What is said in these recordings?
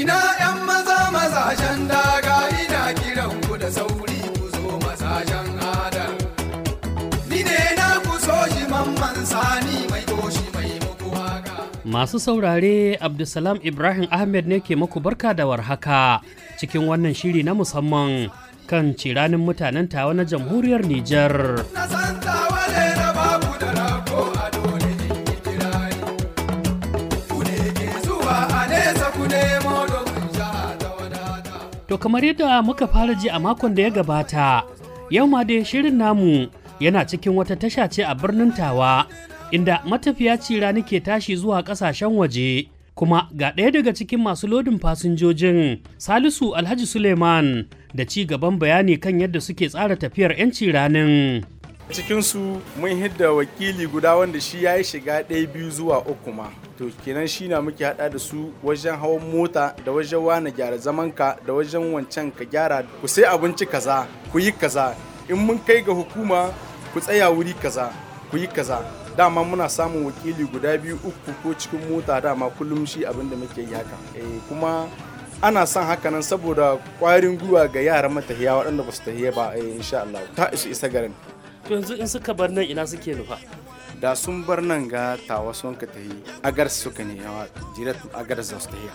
ina yan maza mazajen daga ina kiran ku da sauri ku zo mazajen adal ni ne na ku so shi mamman sani mai toshi mai muku haka masu saurare abdulsalam ibrahim ahmed ne ke muku barka da warhaka cikin wannan shiri na musamman kan ciranin mutanen tawa na jamhuriyar nijar na To kamar yadda muka fara ji a makon da ya gabata, yau ma dai shirin namu yana cikin wata tasha ce a birnin Tawa, inda matafiya cira nake tashi zuwa ƙasashen waje. Kuma ga ɗaya daga cikin masu lodin fasinjojin Salisu Alhaji Suleiman da ci gaban bayani kan yadda suke tsara tafiyar 'yanci ranin. cikinsu mun hidda wakili guda wanda shi ya yi shiga ɗaya biyu zuwa uku ma to kenan shi na muke hada da su wajen hawan mota da wajen wani gyara zamanka da wajen wancan ka gyara ku sai abinci kaza ku yi kaza in mun kai ga hukuma ku tsaya wuri kaza ku yi kaza dama muna samun wakili guda biyu uku ko cikin mota dama kullum shi abin da muke yi haka eh, kuma ana son haka nan saboda kwarin gwiwa ga yaran matahiya waɗanda ba su tahiya ba eh, insha Allah ta isa isa garin to yanzu in suka bar nan ina suke nufa da sun bar nan ga ta wasu wanka ta yi agaras suka ne yawa jirat za su yi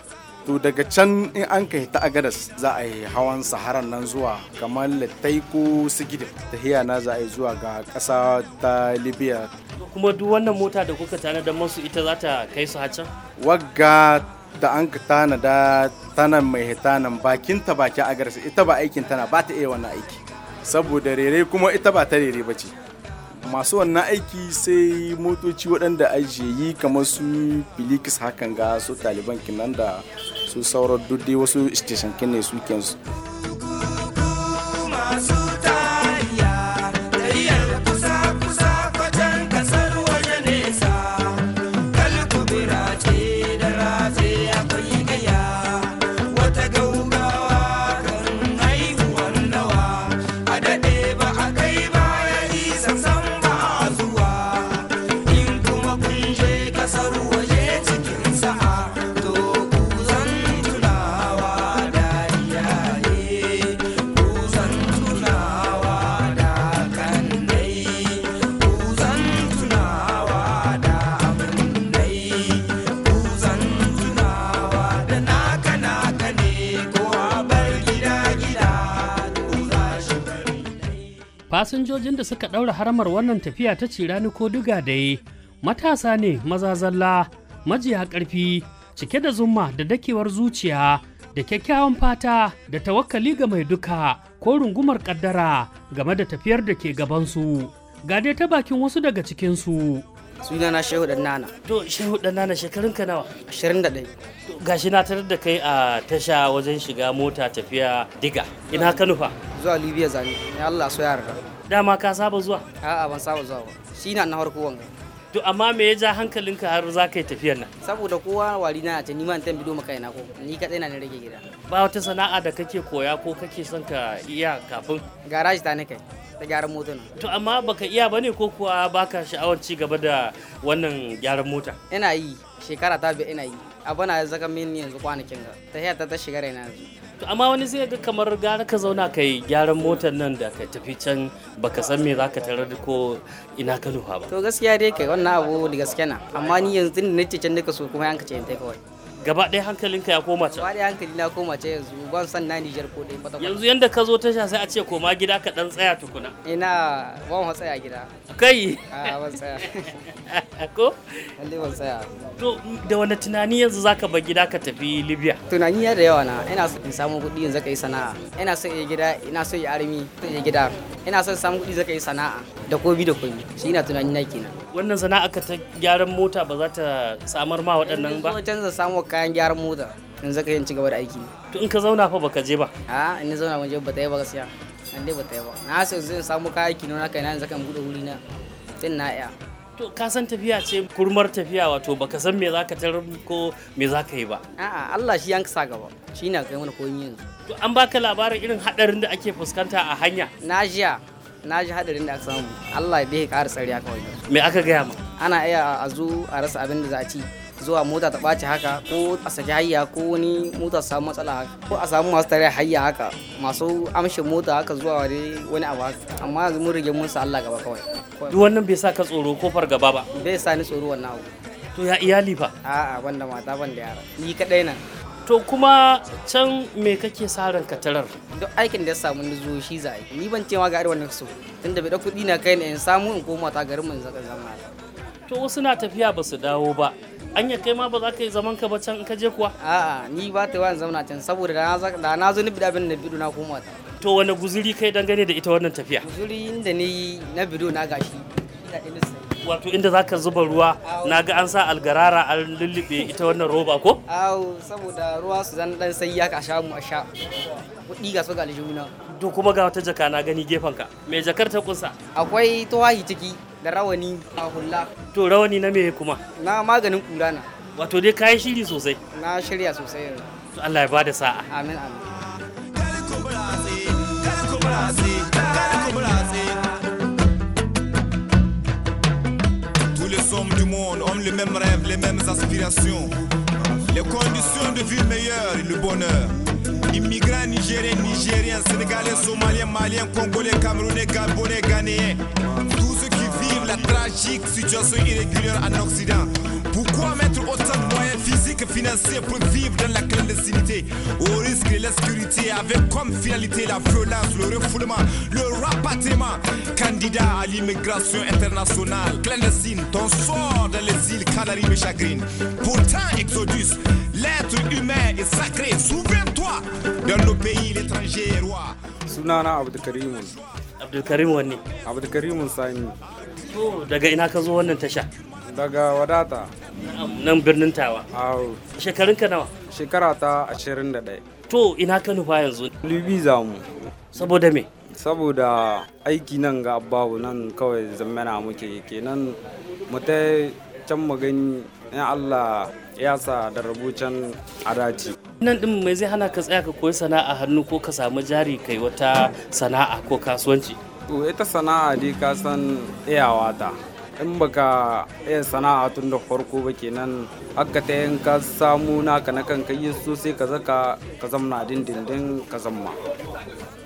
to daga can in an ka ta agaras za a yi hawan saharan nan zuwa kamar littai ko sigidin tahiya na za a yi zuwa ga kasa ta libya kuma duk wannan mota da kuka tanada masu ita za ta kai su hacan wagga da an ka tanada tana mai hita bakin ta baki agaras ita ba aikin tana ba ta iya wannan aiki saboda rere kuma ita ba ta rere bace. masu wannan aiki sai motoci waɗanda ajiye yi kamar su filikis hakan ga su taliban kinan da su sauran dudde wasu station ne su kensu fasinjojin da suka ɗaura haramar wannan tafiya ta cirani ko duga dai matasa ne mazazalla majiya ƙarfi cike da zumma da dakewar zuciya da kyakkyawan fata da tawakkali ga mai duka ko rungumar ƙaddara game da tafiyar da ke gabansu ga dai ta bakin wasu daga cikinsu suna na shehu dan nana to shehu dan nana shekarun ka nawa 21 gashi na tarar da kai a tasha wajen shiga mota tafiya diga ina ka nufa zuwa libya zani ya allah so yarda dama ka saba zuwa a'a ban saba zuwa ba shi na na farko wanga to amma me ya ja hankalinka har za ka yi tafiyar nan saboda kowa wari na ta niman ta bido maka ina ko ni kadai na rage gida ba wata sana'a da kake koya ko kake son ka iya kafin garaji ta nake ta gyaran mota ne to amma baka iya bane ko kuwa baka sha'awar ci gaba da wannan gyaran mota ina yi shekara ta biyu ina yi abana ya zaka min yanzu kwanakin ga ta ta shiga raina yanzu amma wani zai ga kamar gara ka zauna ka gyaran motar nan da ka tafi can baka san me za zaka tarar ko ina ka nufa ba to gaskiya dai kai wannan abu da gaskiya na amma ni yanzu da nake can ka so kuma yanka ce in kawai gaba ɗaya hankalinka ya koma can gaba ɗaya hankali na koma can yanzu ban san na Nijar ko dai kwata yanzu yanda ka zo tasha sai a ce koma gida ka dan tsaya tukuna ina ban ha tsaya gida kai a ban tsaya ko lalle ban tsaya to da wani tunani yanzu zaka bar gida ka tafi Libya tunani ya da yawa na ina so in samu kuɗi yanzu ka yi sana'a ina so in yi gida ina so in yi armi in yi gida ina so in samu kuɗi zaka yi sana'a da komi da komi shi na tunani na kenan wannan sana'a ka ta gyaran mota ba za ta samar ma waɗannan ba yanzu canza samu kayan gyaran mota yanzu ka yin ci gaba da aiki to in ka zauna fa baka je ba a in zauna ban je ba ta yi ba gaskiya an dai ba ta yi ba na san zan samu kayan aiki na kai na yanzu kan bude wuri na tun na iya to ka san tafiya ce kurmar tafiya wato baka san me zaka tarar ko me zaka yi ba a'a Allah shi yanka sa gaba shi na kai mana komi yanzu to an baka labarin irin hadarin da ake fuskanta a hanya na jiya na ji hadarin da aka samu Allah ya bihe ƙara tsariya kawai wani me aka gaya ma ana iya a zo a rasa abin da za a ci zuwa mota ta ɓaci haka ko a saki hayya ko wani mota su samu matsala haka ko a samu masu tare hayya haka masu amshe mota haka zuwa wani abu haka amma yanzu mun rige mun sa Allah gaba kawai duk wannan bai sa ka tsoro ko fargaba ba bai sa ni tsoro wannan abu to ya iyali fa a'a banda mata ban da yara ni kadai nan to kuma can me kake sa ran ka tarar duk aikin da ya samu ni zo shi za ni ban ce ma ga irin wannan so tunda bai da kuɗi na kai ne in samu in koma ta garin mun zaka zama to wasu na tafiya ba su dawo ba anya kai ma ba za ka yi zaman ka ba can in ka je kuwa a'a ni ba ta yawan zauna can saboda da na zo ni bi bin na bidu na koma ta to wani guzuri kai dangane da ita wannan tafiya guzuri inda ni na bidu na gashi wato inda za ka zuba ruwa na ga an sa algarara an lullube ita wannan roba ko? awo saboda ruwa su zan dan sai ya ka sha mu a sha kuɗi ga su ga aljihuna to kuma ga wata jaka na gani gefen ka me jakar ta kunsa akwai tuwahi ciki da rawani a hula. to rawani na me kuma na maganin kura na wato dai kayan shiri sosai na shirya sosai yanzu Allah ya bada sa'a amin amin les conditions de vie meilleures et le bonheur. Immigrants nigériens, nigériens, sénégalais, somaliens, maliens, congolais, camerounais, gabonais, ghanéens. Tous ceux qui vivent la tragique situation irrégulière en Occident. Pourquoi mettre autant de moyens pour vivre dans la clandestinité, au risque de l'insécurité avec comme finalité la violence, le refoulement, le rapatriement. Candidat à l'immigration internationale, clandestine, ton sort dans les îles Canaries me chagrine. Pourtant, Exodus, l'être humain est sacré, souviens-toi, dans nos pays, l'étranger est roi. Sunana Abdelkarim. Abdelkarim Wani. Abdelkarim oh, daga ina ka zo wannan tasha? daga wadata nan birnin tawa shekarun ka nawa shekara ta 21 to ina ka nufa yanzu libi za mu saboda me saboda aiki nan ga babu nan kawai zammana muke kenan mu ta can mu gani Allah ya sa da rubucin adaci. Nan din mai zai hana ka tsaya ka koyi sana'a hannu ko ka samu jari kai wata sana'a ko kasuwanci? Ita sana'a dai ka san iyawa ta. in baka iya sana'a tun da farko ba kenan haka ta yin ka samu naka na kanka yi so sai ka zaka ka zamna dindindin ka zamma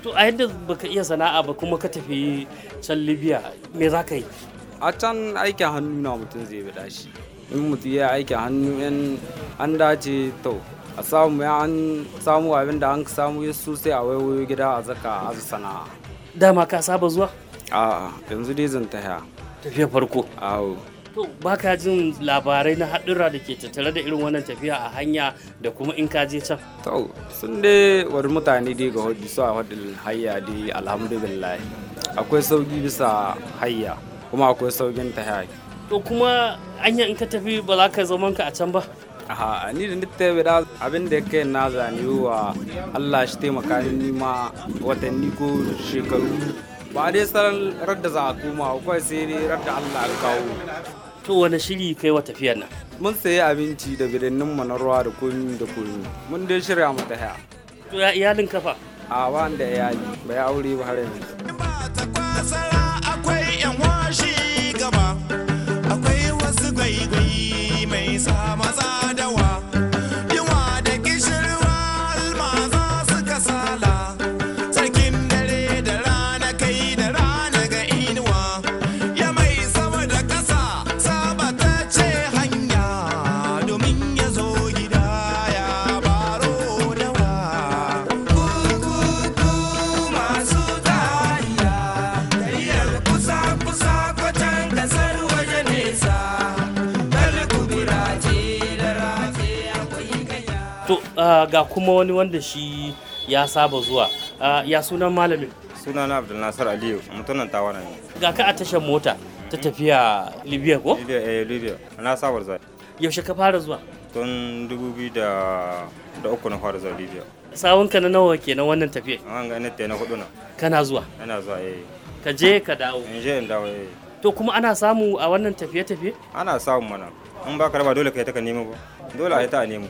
to a yadda baka iya sana'a ba kuma ka tafi can libya me za ka yi a can aikin hannu na mutum zai bi dashi in mutum ya aikin hannu in an dace to a samu ya an samu abin da an samu ya so sai a waiwayo gida a zaka a sana'a dama ka saba zuwa a'a yanzu dai zan ta tafiya farko awo to baka jin labarai na haɗura da ke tattare da irin wannan tafiya a hanya da kuma in ka je can to sun dai wani mutane dai ga hudu su a wadin hayya dai alhamdulillah akwai sauki bisa hayya kuma akwai saukin ta to kuma anya in ka tafi ba za ka zama ka a can ba aha ni da nita bida abin da kai na zane wa Allah shi taimaka ni ma watanni ko shekaru ba dai saran da za a koma kawai sai dai da Allah ya kawo to wani shiri kai wa tafiyar nan mun sayi abinci da bidannin mu na ruwa da komi da komi mun dai shirya mu ta haya to ya iyalin kafa a ba da iyali bai aure ba har yanzu akwai yan washi gaba akwai wasu gwaigwayi mai sa Ah, ga kuma wani wanda shi ya saba zuwa ah, ya sunan malamin suna na abdul nasar aliyu mutunan tawana ne ga ka a tashar mota ta tafiya libya ko libya eh libya na saba zuwa yaushe ka fara zuwa tun 2003 na fara zuwa libya sawun ka na nawa kenan wannan tafiya an ga ne na hudu na kana zuwa ana zuwa eh ka je ka dawo in je in dawo eh to kuma ana samu a wannan tafiye-tafiye ana samu mana in ba ka raba dole ka yi ta ka nemo ba dole a yi ta a nemo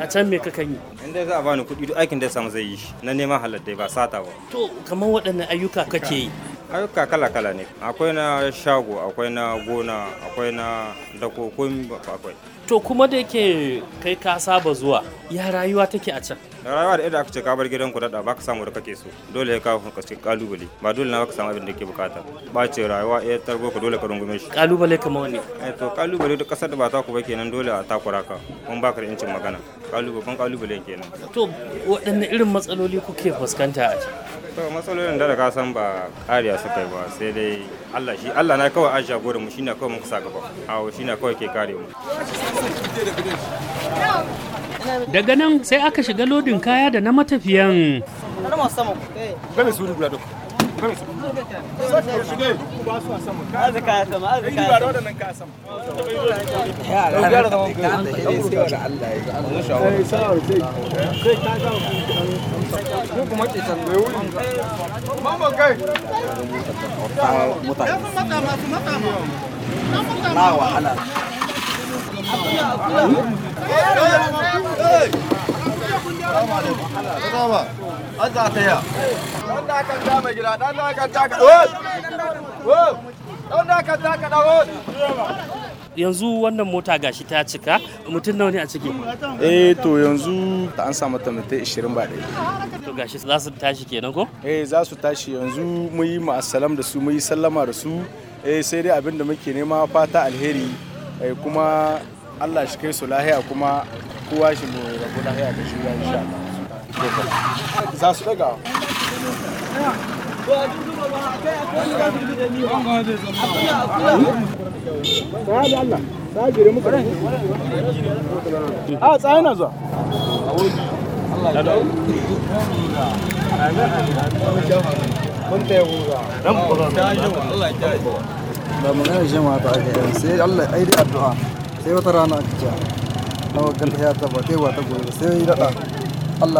a can me kakan yi in dai za a bani kuɗi duk aikin da samu zai yi na neman halar ba sata ba to kamar waɗannan ayyuka kake yi ayyuka kala-kala ne akwai na shago akwai na gona akwai na dako akwai to kuma da yake kai ka saba zuwa ya rayuwa take a can rayuwa da yadda aka ce ka bar gidan ku dada baka samu da kake so dole ka ka cikin kalubale ba dole na baka samu abin da kake bukata ba ce rayuwa ya eh, tarbo ka dole ka rungume shi kalubale kamar wani eh to kalubale duk kasar da ba ta ku ba kenan dole a takura ka mun baka da yancin magana kalubale kan kalubale kenan to waɗanne irin matsaloli kuke fuskanta a to matsalolin da ka san ba kariya suka yi ba sai dai Allah shi Allah na kawai ajiya gore mu shine kawai muka sa gaba awo shine kawai ke kare mu daga nan sai aka shiga lodin kaya da na matafiyan muku mace wahala Adama, an za ta ya. Ɗan da kan ta mai gida, ɗan ka da yanzu wannan mota gashi ta cika mutum nawa ne a ciki eh to yanzu an samu ta mutum 20 ba ɗaya to gashi za su tashi kenan ko eh za su tashi yanzu mu yi ma'asalam da su mu yi sallama da su eh sai dai abin da muke nema fata alheri eh, kuma Allah shi kai su lahiya kuma kowa shi mu rabu lahiya da shi insha Allah za su daga Ba Allah addu'a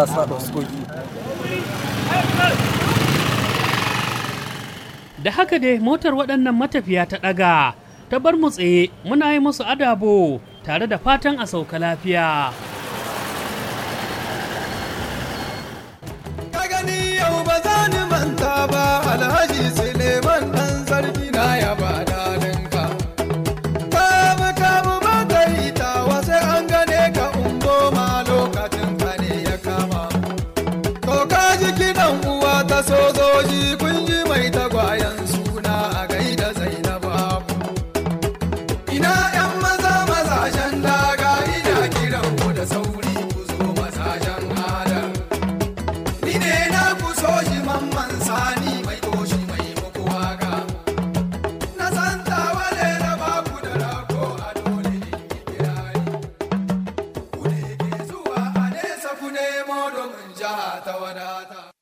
sai da haka dai motar waɗannan matafiya ta ɗaga ta bar mu tsaye muna yi musu adabo tare da fatan a sauka lafiya. Ka gani yau ba za ni manta ba alhaji